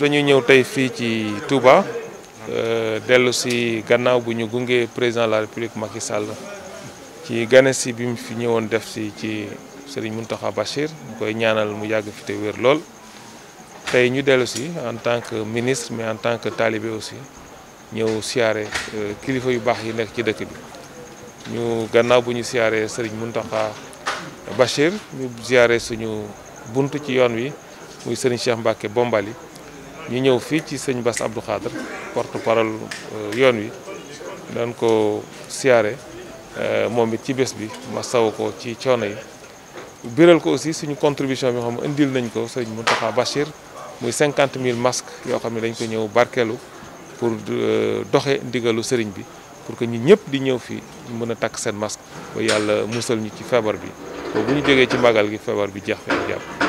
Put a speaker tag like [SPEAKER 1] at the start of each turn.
[SPEAKER 1] dañu ñëw tey fii ci Touba euh, dellu si gannaaw bu gungee président de la République Macky ci gane si fi ñëwoon def si ci Serigne Mountakha Bachir mu koy ñaanal mu yàgg fite te lool tey ñu dellu si en tant que ministre mais en tant que talibé aussi ñëw siyaare euh, kilifa yu baax yi nekk ci dëkk bi ñu gannaaw bu ñu siyaaree sëriñ Mountakha Bachir ñu siyaare suñu bunt ci yoon wi muy sëriñ Cheikh Mbacke Bombali ñu ñëw fii ci sëñ Bass Abdou Khadre porte parole euh, yoon wi doon ko siyaare euh, moom it ci bés bi ma saw ko ci coono yi biral ko aussi suñu contribution bi xam indil nañ ko sëriñ Mountakha Bachir muy cinquante mille masques yoo xam ne dañ ko ñëw barkeelu pour euh, doxe ndigalu sëriñ bi pour que ñun ñëpp di ñëw fii mën a takk seen masque ba yàlla musal ñu ci feebar bi ba bu ñu jógee ci màggal gi feebar bi jeex fee jàpp